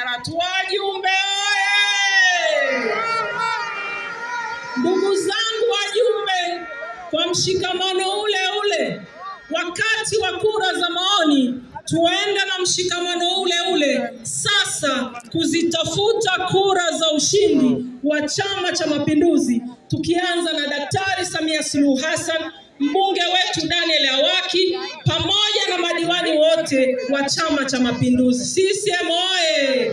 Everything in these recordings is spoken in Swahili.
Wajumbe oye! Ndugu zangu wajumbe, kwa mshikamano ule ule, wakati wa kura za maoni, tuende na mshikamano ule ule sasa kuzitafuta kura za ushindi wa Chama cha Mapinduzi, tukianza na Daktari Samia Suluhu Hassan, mbunge wetu Daniel Awaki wote wa Chama cha Mapinduzi, CCM oye!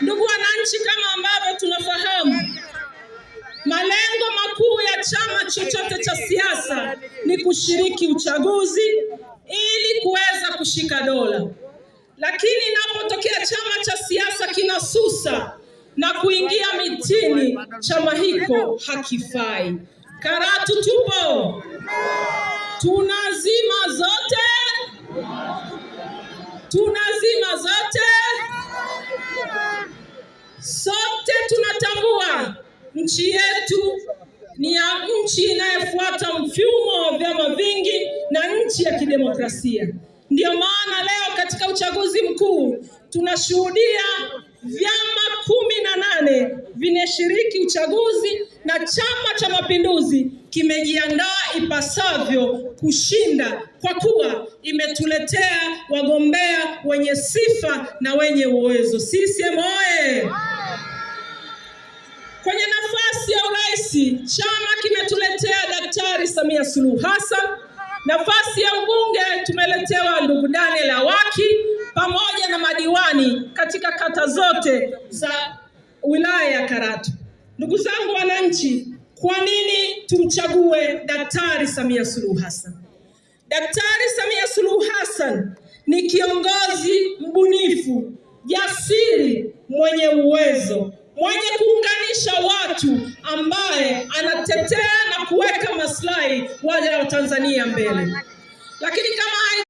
Ndugu wananchi, kama ambavyo tunafahamu malengo makuu ya chama chochote cha siasa ni kushiriki uchaguzi ili kuweza kushika dola, lakini inapotokea chama cha siasa kinasusa na kuingia mitini, chama hiko hakifai. Karatu tupo tuna tunazima zote. Sote tunatambua nchi yetu ni ya nchi inayofuata mfumo wa vyama vingi na nchi ya kidemokrasia. Ndiyo maana leo katika uchaguzi mkuu tunashuhudia vyama kumi na nane vinashiriki uchaguzi na Chama cha Mapinduzi kimejiandaa ipasavyo kushinda, kwa kuwa imetuletea wagombea wenye sifa na wenye uwezo. CCM oye! Kwenye nafasi ya urais chama kimetuletea Daktari Samia Suluhu Hassan. Nafasi ya ubunge tumeletewa ndugu Daniel Awaki pamoja na madiwani katika kata zote za wilaya ya Karatu. Ndugu zangu wananchi, kwa nini tumchague Daktari Samia Suluhu Hassan? Daktari Samia Suluhu Hassan ni kiongozi mbunifu, jasiri, mwenye uwezo, mwenye kuunganisha watu, ambaye anatetea na kuweka maslahi wale wa Tanzania mbele, lakini kama